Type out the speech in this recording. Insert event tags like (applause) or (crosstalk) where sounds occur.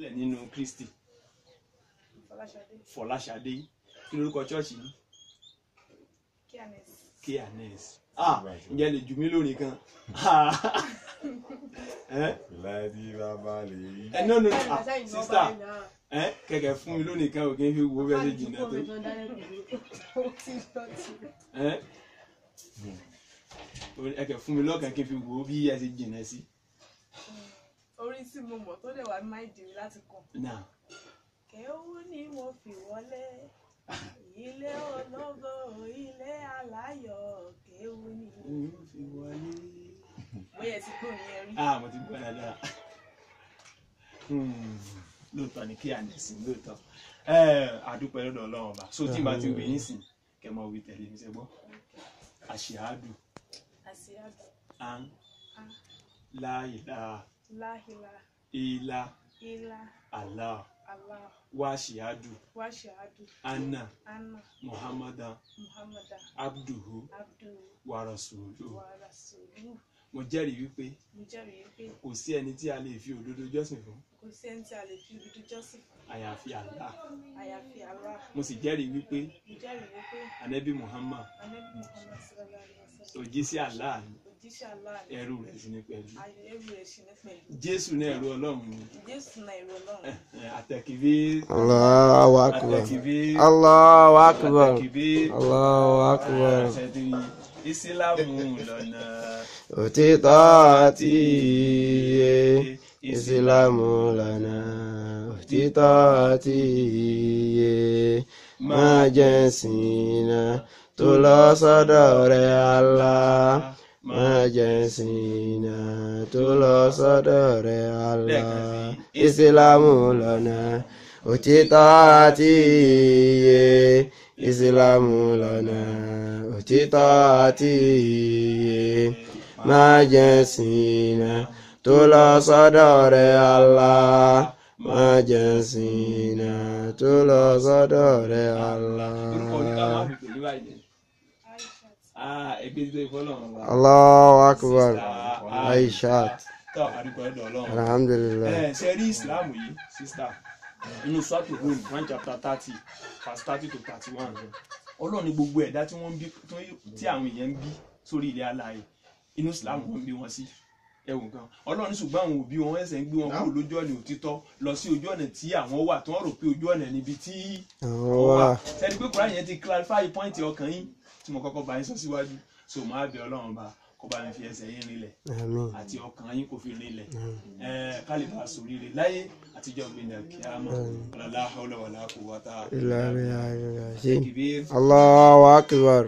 sílẹ̀ nínú Kristi Fọláṣadé kí lórúkọ chọ́ọ̀chì yìí K&S ah ǹjẹ́ lè jù mí lórí kan láti bàbá lè yí. ẹ no no ah, sista ẹ eh, kẹ̀kẹ́ fún mi lónìí kan òkè fi wo bẹ́ẹ̀ ṣe jìnnà tó. (laughs) Eh? Hmm. ẹ kẹ̀kẹ́ fún mi lọ́kàn kí n fi wo bí ẹ ṣe jìnnà sí tí mo mọ̀ tó dẹ̀ wá máìdì mi láti kàn. kẹ́wù ni mo fi wọlé ilé ológo ilé aláyọ̀ kẹ́wù ni mo fi wọlé. bóyá ti gbọ́ yẹn rí. Ah, mo ti gbọ́ dáadáa hmm. lóòótọ́ ni kí ànẹ̀sìn lóòótọ́ àdúpẹ́ eh, lọ́dọ̀ ọlọ́run ọba so tí n ti wí yín sìn kẹ́ mọ wí tẹ̀lé mi ṣe gbọ́ àṣìádù an láyìlá Láhìlá. Ìlà. Ìlà. Allah. Wa ṣìhádù. Anna. Anna. Muhammadan. Muhammadan. Abduhu. Wa rasuluhu. Wa rasuluhu mo jẹ́rìí wípé kò sí ẹni tí a lè fi òdodo jọ́sìn fún. àyàfi Allah. àyàfi Allah. mo sì jẹ́rìí wípé anabi muhammad òjíṣẹ́ Allah ni ẹrú rẹ̀ sì ní pẹ̀lú jésù náà ẹrú ọlọ́run ni (laughs) àtẹ̀kìbí Allahu akbar Allahu akbar Allahu akbar ìsìlámù lọ́nà òtítọ́ àti iye ìsìlámù lọ́nà òtítọ́ àti iye máa jẹ́ sìn náà tó lọ sọ́dọ̀ rẹ̀ Allah. Má jẹ́ ṣìnà tó lọ sọ́dọ̀ Allah. Ìsìlámù lọ́nà òtítọ́ àti iye. Ìsìlámù lọ́nà òtítọ́ àti iye. Má jẹ́ ṣìnà Allah. Má jẹ́ ṣìnà tó lọ sọ́dọ̀ Allah. Ah, Allahu akbar Aishat alhamdulilayi. Eh, ẹ ṣe rí islam yìí sista inú sọ́tò home one chapter thirty verse thirty to thirty one ọlọ́run ní gbogbo ẹ̀dá tí wọ́n ń bí tí àwọn èèyàn ń bí sórí ilé alààyè inú islam wọ́n ń bí wọn sí ẹwù kan ọlọ́run ṣùgbọ́n àwọn òbí wọn ẹsẹ̀ ń gbé wọn kúrò lójú ọ̀nà òtítọ́ lọ sí ojú ọ̀nà tí àwọn wà tí wọ́n rò pé ojú ọ̀nà níbi tí wọ́n wà sẹ́ni pé kúrò mo kọ́kọ́ bá yín sọ síwájú so máa bẹ ọlọ́run bá kó bá mi fi ẹsẹ̀ yín rinlẹ̀ àti ọkàn yín kò fi rinlẹ̀ kálíbà sóríire láyé àtijọ́ gbìyànjú kíámà ọ̀làlá ọlọ́wọ̀lá kò wá tá a. ìlànà ìlànà ṣe Allahu akbar.